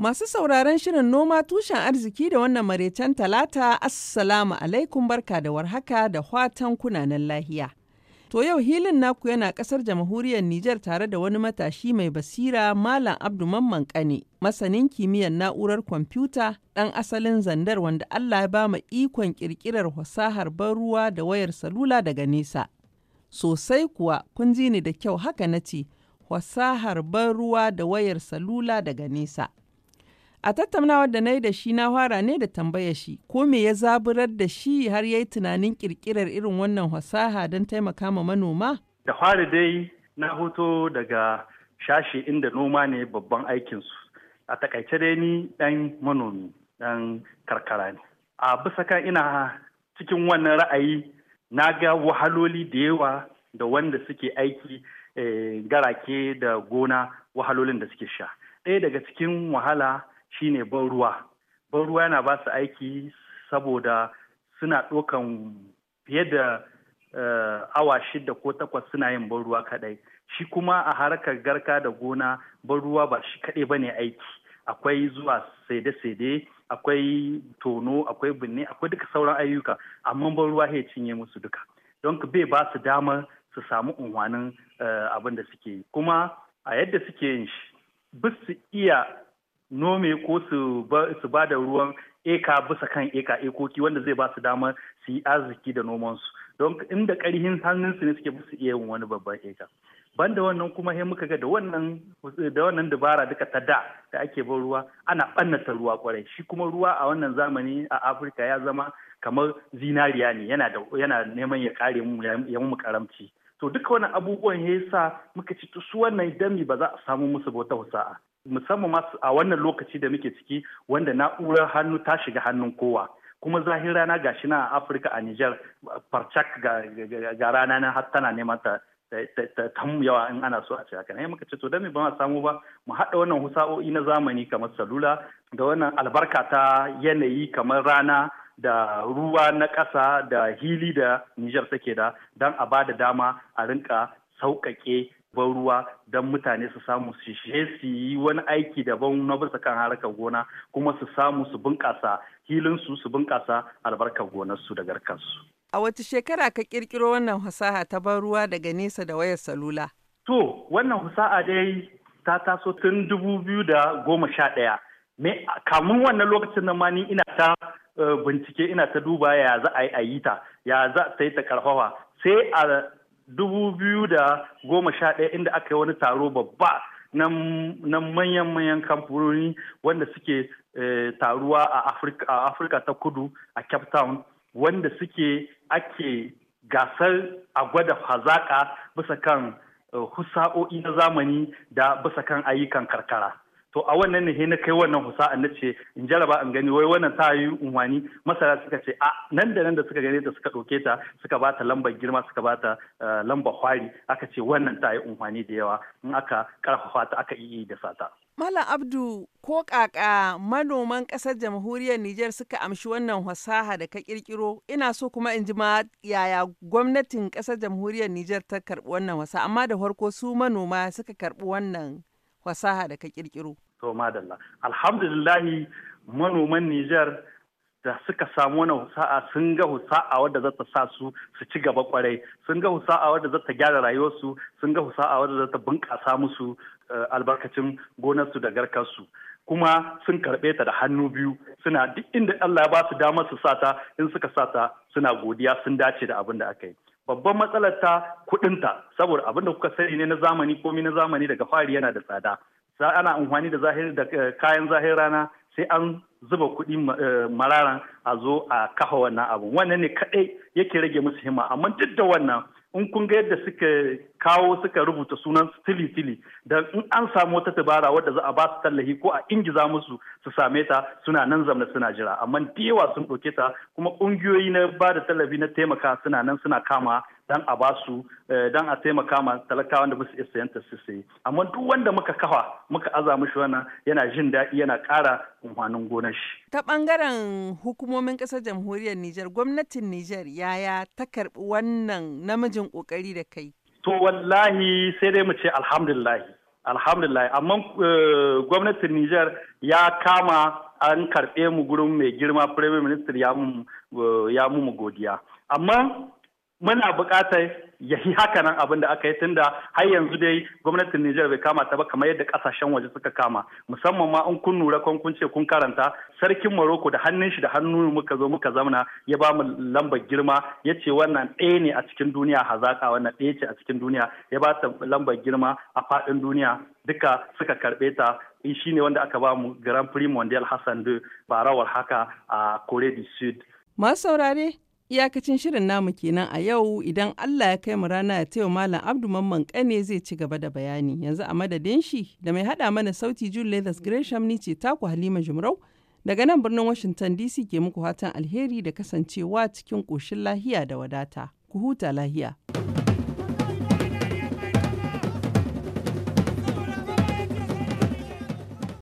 Masu sauraron shirin noma tushen arziki da wannan maraicen talata assalamu alaikum barka da warhaka da watan kunanan lahiya. To yau hilin naku yana kasar jamhuriyar Nijar tare da wani matashi mai basira Malam Abdu Mamman Kane, masanin kimiyyar na'urar kwamfuta ɗan asalin zandar wanda Allah ya ba mu ikon ƙirƙirar fasahar ban ruwa da wayar salula daga nesa. Sosai kuwa kun ji ni da kyau haka na ce, fasahar ban ruwa da wayar salula daga nesa. A tattaunawar da na yi da shi na fara ne da tambaya shi, ko me ya zaburar da shi har ya yi tunanin kirkirar irin wannan fasaha don taimaka ma manoma? Da fari dai na hoto daga shashi inda noma ne babban aikinsu. A takaice dai ni ɗan manomi, ɗan karkara ne. A bisa kan ina cikin wannan ra'ayi na ga wahaloli da yawa da wanda suke aiki eh, garake da gona wahalolin da suke sha. Ɗaya daga cikin wahala shine ban ruwa ban ruwa yana ba su aiki saboda suna ɗaukan fiye da eh, awa shida ko takwas suna yin ban ruwa kaɗai shi kuma a harkar garka da gona ban ruwa ba shi kaɗai ba ne aiki akwai zuwa saide-saide akwai tono akwai binne akwai duka sauran ayyuka amma ban ruwa ya cinye musu duka don bai ba su damar su samu unwanin eh, abin da suke yi kuma a yadda suke yin shi bisu iya nome ko su ba da ruwan eka bisa kan eka ekoki wanda zai ba su damar su yi arziki da nomansu don inda karhin hannunsu ne suke su iya yin wani babban eka banda wannan kuma sai muka ga da wannan da wannan dabara duka ta da da ake ban ruwa ana bannata ruwa kwarai shi kuma ruwa a wannan zamani a afirka ya zama kamar zinariya ne yana da yana neman ya kare mu ya mu karamci to duka wannan abubuwan ya sa muka ci su wannan dami ba za a samu musu bauta wasa'a musamman masu a wannan lokaci da muke ciki wanda na'urar hannu ta shiga hannun kowa kuma zahin rana ga shi na a afirka a niger farcak ga rana na har tana neman ta tamu yawa in ana so a ce haka ne muka ce to dan ba ba samu ba mu haɗa wannan husa'o'i na zamani kamar salula da wannan albarka ta yanayi kamar rana da ruwa na ƙasa da hili da niger take da don a ba da dama a rinka sauƙaƙe ban ruwa don mutane su samu su shi su yi wani aiki daban na bisa kan harkar gona kuma su samu su bunƙasa hilinsu su bunƙasa albarkar gonarsu da garkarsu. A wata shekara ka ƙirƙiro wannan fasaha ta ban ruwa daga nesa da wayar salula? To, wannan fasaha dai ta taso tun dubu da goma sha daya Me kamun wannan lokacin na ina ta eh, bincike ina ta duba ya za a yi ta ya za ta yi ta karfafa sai a dubu biyu da goma sha ɗaya inda aka yi wani taro babba na manyan-manyan kamfanoni wanda suke eh, taruwa a afirka ta kudu a cape town wanda suke ake gasar a gwada hazaƙa bisa kan eh, husa'o'i na zamani da bisa kan ayyukan karkara to a wannan ne na kai wannan husa na ce in jaraba an gani wai wannan ta yi unwani masara suka ce a nan da nan da suka gane ta suka ɗauke ta suka ba ta lambar girma suka ba ta eh, lambar hwari aka ce wannan ta yi unwani da yawa in aka karfafa ta aka yi da sata. Malam Abdu ko kaka manoman ƙasar jamhuriyar Nijar suka amshi wannan fasaha da ka kirkiro ina so kuma in ji ma yaya gwamnatin ƙasar jamhuriyar Nijar ta karɓi wannan wasa amma da farko su manoma suka karɓi wannan fasaha da ka kirkiro to madalla alhamdulillahi manoman Nijar da suka samu wani husa'a sun ga husa'a wadda za ta sa su su ci gaba kwarai sun ga husa'a wadda za gyara rayuwarsu sun ga husa'a wadda za ta bunƙasa musu eh, albarkacin gonarsu da garkarsu kuma sun karɓe ta da hannu biyu suna duk inda Allah ya ba su damar su sata in suka sata suna godiya sun dace da abin da aka yi babban matsalar ta kuɗinta saboda abin da kuka sani ne na zamani komi na zamani daga fari yana da tsada ana amfani da eh, kayan zahir rana sai an zuba kuɗi eh, mararan a zo a kafa wannan abu wannan ne kaɗai yake rage musu himma amma duk da wannan in kun ga yadda suka kawo suka rubuta sunan sili-sili da in an samu wata dabara wadda za a ba su tallahi ko a ingiza musu su same ta suna nan zamna suna jira amma da sun ɗauke ta kuma ƙungiyoyi na ba da tallafi na taimaka suna nan suna kama dan a ba su eh, dan a taimaka ma talakawa da musu isa yanta su sai amma duk wanda muka kafa muka aza mushi wannan yana jin daɗi yana ƙara umarnin gonar shi. Ta bangaren hukumomin ƙasar jamhuriyar niger gwamnatin Nijar yaya ta karɓi wannan namijin ƙoƙari da kai? To wallahi sai dai mu ce alhamdulillahi. Alhamdulillahi amma eh, gwamnatin Nijar ya kama an karɓe mu gurin mai girma Firayim Ministir ya eh, mu godiya. Amma muna buƙatar ya yi hakanan abin da aka yi tunda har yanzu dai gwamnatin Nijar bai kama ta ba kamar yadda kasashen waje suka kama musamman ma in kun nura kun kun ce kun karanta sarkin Maroko da hannun shi da hannun muka zo muka zamana ya ba mu lambar girma ya ce wannan ɗaya ne a cikin duniya hazaka wannan ɗaya ce a cikin duniya ya ba ta lambar girma a faɗin duniya duka suka karɓe ta eh, shi ne wanda aka ba mu Grand Prix Mondial Hassan de barawar haka a Kore du Sud. Masu saurare Iyakacin shirin namu kenan a yau idan Allah ya kai mu rana ya taya Malam Abdu Mamman Kane zai ci gaba da bayani yanzu a madadin shi da mai hada mana sauti June Leathers Gresham ni ce taku Halima Jumrau daga nan birnin Washington DC ke muku fatan alheri da kasancewa cikin koshin lahiya da wadata. Ku huta lahiya.